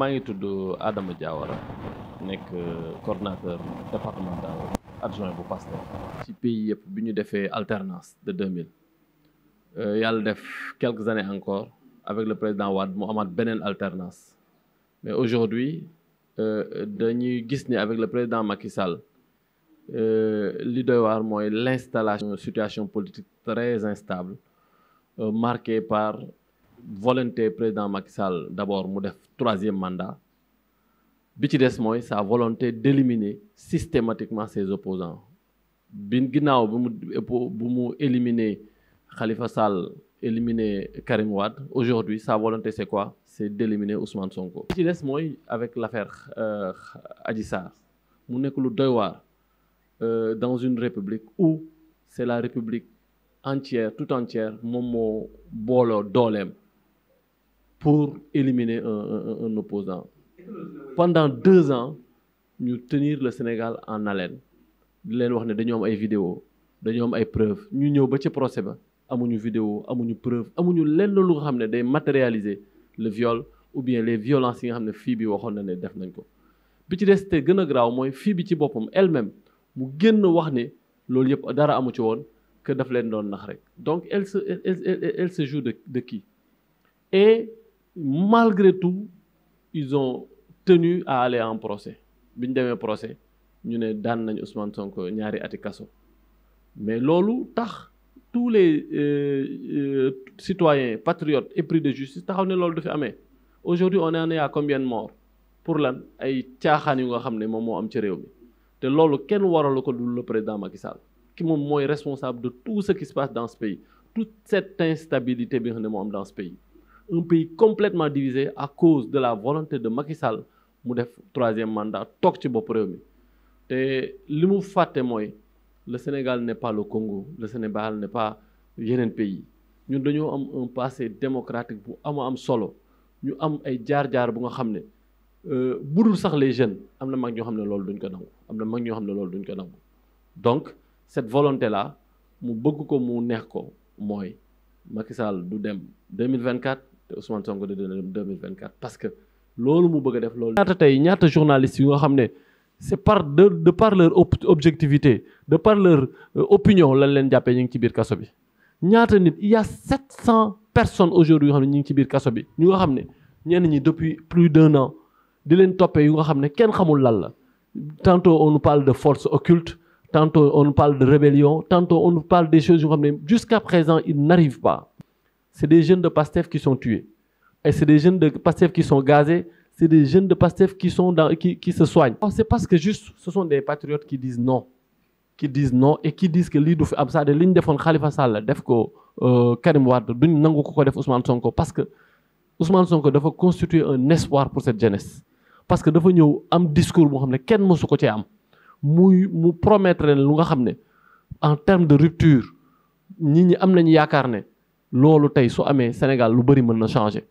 maa ngi tudd Adama Diawara nekk euh, coordonnateur départemental adjoint bu Pastef ci pays yëpp bi ñu defee alternance de 2000 euh, yàlla def quelques années encore avec le président wad mu amaat beneen alternance mais aujourd'hui euh, dañuy gis ni avec le président Macky Sall li doy waar mooy l'installation situation politique très instable marquée par volonté président Macky Sall d'abord mu def troisième mandat bi ci des mooy sa volonté d'éliminer systématiquement ses opposants bi ginnaaw bi mu bu mu éliminer xalifa Sall éliminer Karim Wade aujourd'hui sa volonté c'est quoi c'est d'éliminer Ousmane Sonko. bi ci des mooy avec l'affaire euh, Adji Sarr mu nekk lu doy waar euh, dans une république où c'est la république entière tout entière moom moo booloo dooleem pour éliminer un, un, un opposant. Pendant deux ans, ñu tenir le Sénégal en haleine di leen wax ne dañoo am ay vidéo dañoo am ay preuve ñu ñëw ba ci procès ba amuñu vidéo amuñu preuve amuñu lenn lu xam ne day matérialiser le viol ou bien les violences yi nga xam ne fii bi waxoon na ne def nañ ko bi ci des te gën a graaw mooy fii bi ci boppam elle-même mu génn wax ne loolu yëpp dara amu ci woon que daf leen doon nax rek donc elle se elle se joue de de qui malgré tout ils ont tenu à aller en procès bi ñu demee procès ñu ne daan nañ son Sonko ñaari ati kaso mais loolu tax tous les euh, euh, citoyens patriotes épris de justice taxaw ne loolu du fi amee aujourd'hui on en est à combien de pour lan ay caaxaan yu nga xam ne moom moo am ci réew mi te loolu kenn waralu ko dul le président Macky Sall ki moom mooy responsable de tout ce qui se passe dans ce pays toute cette instabilité bi nga xam ne moo am dans ce pays un pays complètement divisé à cause de la volonté de makisal mu def troisième mandat toog ci bopp réew mi te li mu fàtte mooy le Sénégal n'est pas Congo le Sénégal n'est pas yeneen pays ñun dañoo am un passé démocratique bu ama am solo ñu am ay jaar-jaar bu nga xam ne euh, budul sax les jeunes am na mag ñoo xam ne loolu duñ ko nangu am na mag ñoo xam ne loolu duñ ko nangu donc cette volonté la mu bëgg ko mu neex ko mooy Macky Sall du dem 2024 te Ousmane Sonko di dina dem 2024 parce que loolu mu bëgg a def loolu ñaata tey ñaata journaliste yu nga xam ne c'est par de de par objectivité de par euh, opinion lañ leen jàppee ñu ngi ci biir kaso bi ñaata nit il y a 700 personnes aujourd'hui yu ne ñu ngi ci biir kaso bi ñu nga xam ne ñenn ñi depuis plus d'un an di leen toppee yu nga xam ne kenn xamul lan la tantôt on parle de force occulte tantôt on nous parle de rébellion tantôt on nous parle des choses yu nga xam ne jusqu'à présent il n'arrive pas c'est des jeune de PASTEF qui sont tués. Et c'est des jeunes de PASTEF qui sont gazés, c'est des jeunes de PASTEF qui, sont dans, qui, qui se soignent. C'est parce que juste ce sont des patriotes qui disent non. Qui disent non et qui disent que lii du fi am c'est-à-dire li ñu defoon def ko euh, Karim Wade duñ nangu ko ko def Ousmane Sonko parce que Ousmane Sonko dafa constituer un espoir pour cette jeunesse. parce que dafa ñëw am discours moo xam ne kenn mosu ko cee am muy mu promettre leen lu nga xam ne en terme de rupture nit ñi am nañu yaakaar ne. loolu tey su amee Sénégal lu bëri mën na changé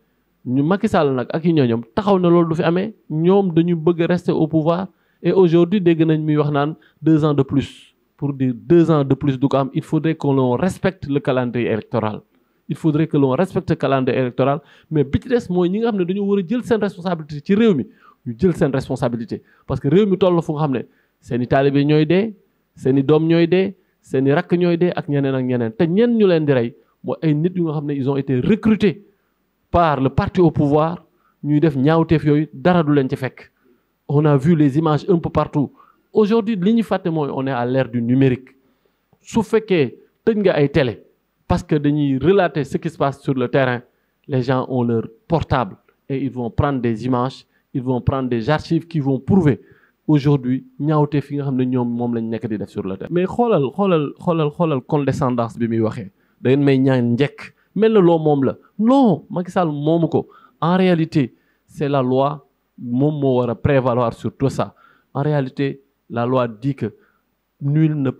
ñu Macky nag ak yi ñooñom taxaw ne loolu du fi amee ñoom dañu bëgg rester au pouvoir et aujourd'hui dégg nañ muy wax naan deux ans de plus pour dire deux ans de plus du ko am il faudrait que l'on respecte le calendrier électoral il faudrait que l'on respecte le calendrier électoral mais bi ci des mooy ñi nga xam ne dañu war a jël seen responsabilité ci réew mi ñu jël seen responsabilité parce que réew mi toll fu nga xam ne seen i taalibe ñooy dee seen doom ñooy dee seen i ñooy dee ak ñeneen ak ñeneen te ñenn ñu leen di rey mooy ay nit yu nga xam ne ils ont été recrutés par le parti au pouvoir ñuy def ñaawteef yooyu dara du leen ci fekk on a vu les images un peu partout aujourd'hui li ñuy fàtte mooy on est à l'ère du numérique su fekkee tëj nga ay télé parce que dañuy relater ce qui se passe sur le terrain les gens ont leur portable et ils vont prendre des images ils vont prendre des archives qui vont prouver aujourd'hui ñaawteef fi nga xam ne ñoom moom lañ nekk di def sur le terrain mais xoolal xoolal xoolal xoolal condescendance bi muy waxee da ngeen may ñaan njëkk mel na loo moom la non Macky Sall moomu ko en réalité c' est la loi moom moo war a prévaloir surtout sax ça en réalité la loi dit que nul ne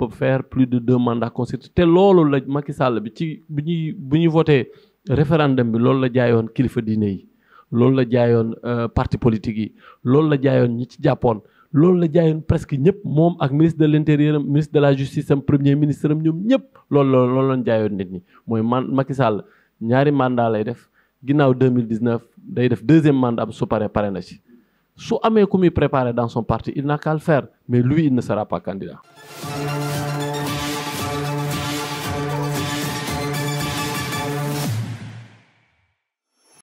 plus de deux mandats consécutifs te loolu la Macky Sall bi ci bi ñuy bu ñuy voté référendum bi loolu la jaayoon kilifa diine yi loolu la jaayoon euh, parti politique yi loolu la jaayoon ñi ci jàppoon loolu la jaayoon presque ñëpp moom ak ministre de l' intérieur am ministre de la justice am premier ministre am ñoom ñëpp loolu loolu loolu lañ jaayoon nit ñi mooy man Macky Sall ñaari mandat lay def ginnaaw 2019 day def deuxième mandat am su paree pare na ci su amee ku muy préparer dans son parti il n'a qu'à le mais lu lui il ne sera pas candidat